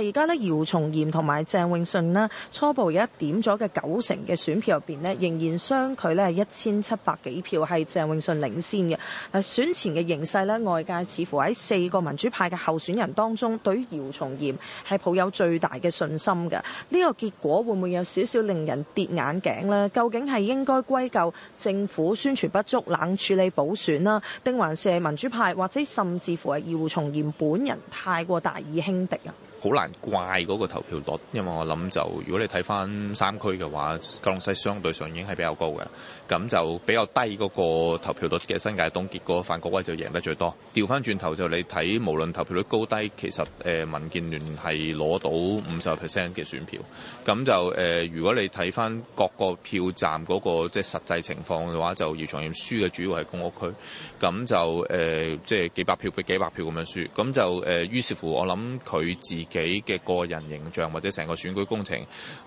而家咧，姚松炎同埋鄭泳舜啦，初步有一點咗嘅九成嘅選票入邊咧，仍然相距咧一千七百幾票，係鄭泳舜領先嘅。嗱，選前嘅形勢咧，外界似乎喺四個民主派嘅候選人當中，對於姚松炎係抱有最大嘅信心嘅。呢個結果會唔會有少少令人跌眼鏡呢？究竟係應該歸咎政府宣傳不足、冷處理補選啦，定還是民主派，或者甚至乎係姚松炎本人太過大意輕敵啊？好難。怪嗰個投票率，因為我諗就如果你睇翻三區嘅話，九龍西相對上已經係比較高嘅，咁就比較低嗰個投票率嘅新界東，結果范國威就贏得最多。調翻轉頭，就你睇，無論投票率高低，其實誒、呃、民建聯係攞到五十 percent 嘅選票，咁就誒、呃、如果你睇翻各個票站嗰、那個即係、就是、實際情況嘅話，就姚松炎輸嘅主要係公屋區，咁就誒即係幾百票俾幾百票咁樣輸，咁就誒於、呃、是乎我諗佢自己嘅個人形象或者成個選舉工程，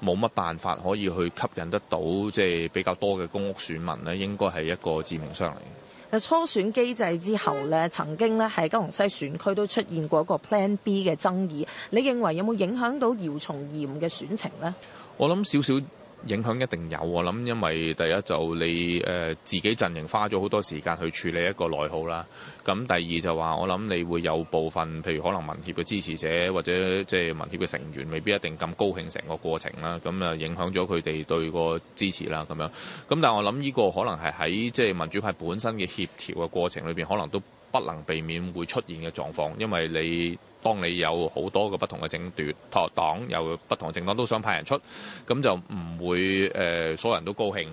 冇乜辦法可以去吸引得到，即、就、係、是、比較多嘅公屋選民呢，應該係一個致命傷嚟嘅。初選機制之後呢，曾經呢喺九龍西選區都出現過一個 Plan B 嘅爭議，你認為有冇影響到姚松炎嘅選情呢？我諗少少。影響一定有，我諗，因為第一就你誒自己陣營花咗好多時間去處理一個內耗啦。咁第二就話，我諗你會有部分，譬如可能民協嘅支持者或者即係民協嘅成員，未必一定咁高興成個過程啦。咁啊影響咗佢哋對個支持啦咁樣。咁但係我諗呢個可能係喺即係民主派本身嘅協調嘅過程裏邊，可能都。不能避免會出現嘅狀況，因為你當你有好多個不同嘅政團、黨，有不同政黨都想派人出，咁就唔會誒、呃，所有人都高興，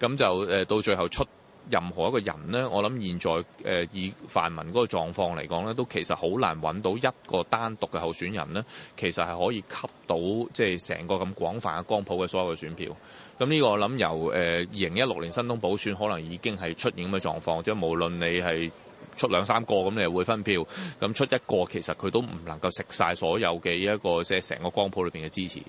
咁就、呃、到最後出任何一個人呢，我諗現在、呃、以泛民嗰個狀況嚟講呢，都其實好難揾到一個單獨嘅候選人呢，其實係可以吸到即係成個咁廣泛嘅光譜嘅所有嘅選票。咁呢個我諗由誒二零一六年新東補選可能已經係出現咁嘅狀況，即、就、係、是、無論你係。出兩三個咁你會分票，咁出一個其實佢都唔能夠食晒所有嘅一個即係成個光譜裏邊嘅支持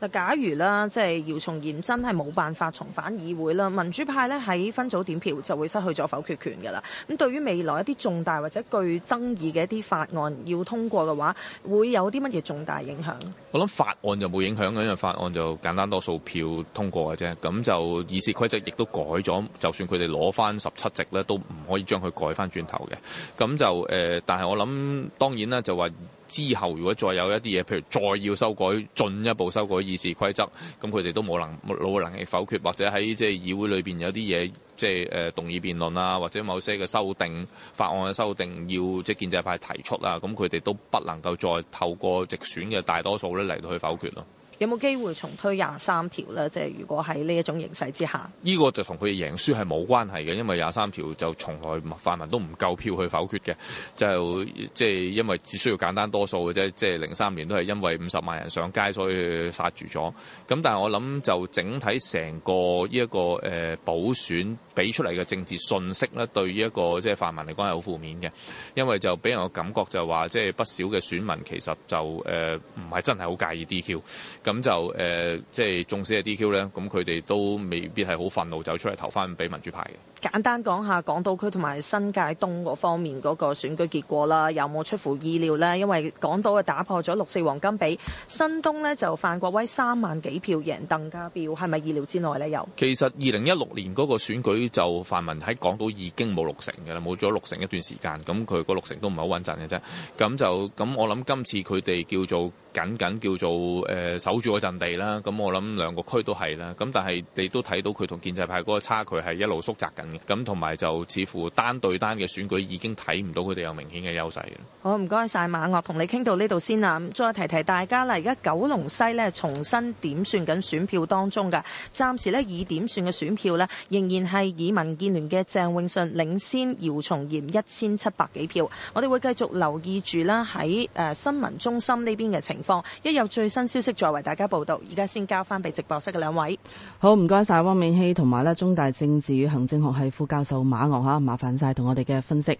嗱，假如啦，即係姚松炎真係冇辦法重返議會啦，民主派咧喺分組點票就會失去咗否決權㗎啦。咁對於未來一啲重大或者具爭議嘅一啲法案要通過嘅話，會有啲乜嘢重大影響？我諗法案就冇影響嘅，因為法案就簡單多數票通過嘅啫。咁就議事規則亦都改咗，就算佢哋攞翻十七席咧，都唔可以將佢改翻轉頭。好嘅，咁就誒、呃，但係我諗當然啦，就話之後如果再有一啲嘢，譬如再要修改，進一步修改議事規則，咁佢哋都冇能冇能力否決，或者喺即係議會裏面有啲嘢，即係誒動議辯論啊，或者某些嘅修訂法案嘅修訂，要即係建制派提出啊，咁佢哋都不能夠再透過直選嘅大多數咧嚟到去否決咯。有冇機會重推廿三條咧？即係如果喺呢一種形勢之下，呢個就同佢贏輸係冇關係嘅，因為廿三條就從來泛民都唔夠票去否決嘅，就即係、就是、因為只需要簡單多數嘅啫。即係零三年都係因為五十萬人上街，所以殺住咗。咁但係我諗就整體成個呢、這、一個誒、呃、補選俾出嚟嘅政治信息咧，對依、這、一個即係、就是、泛民嚟講係好負面嘅，因為就俾人嘅感覺就係話，即、就、係、是、不少嘅選民其實就唔係、呃、真係好介意 DQ。咁就誒、呃，即係縱使係 DQ 咧，咁佢哋都未必係好憤怒走出嚟投翻俾民主派嘅。簡單講下港島區同埋新界東嗰方面嗰個選舉結果啦，有冇出乎意料咧？因為港島啊打破咗六四黃金比，新東咧就范國威三萬幾票贏鄧家彪，係咪意料之內咧？又其實二零一六年嗰個選舉就泛民喺港島已經冇六成嘅啦，冇咗六成一段時間，咁佢個六成都唔係好穩陣嘅啫。咁就咁我諗今次佢哋叫做僅僅叫做誒首。呃保住個陣地啦，咁我諗兩個區都係啦，咁但係你都睇到佢同建制派嗰個差距係一路縮窄緊嘅，咁同埋就似乎單對單嘅選舉已經睇唔到佢哋有明顯嘅優勢。好，唔該晒馬嶽，同你傾到呢度先啦。再提提大家啦，而家九龍西呢重新點算緊選票當中㗎，暫時呢以點算嘅選票呢，仍然係以民建聯嘅鄭泳舜領先姚松炎一千七百幾票。我哋會繼續留意住啦，喺誒、呃、新聞中心呢邊嘅情況，一有最新消息作為。大家報道，而家先交翻俾直播室嘅兩位。好，唔該晒汪溟曦同埋咧中大政治與行政學系副教授馬嶽，吓，麻煩晒同我哋嘅分析。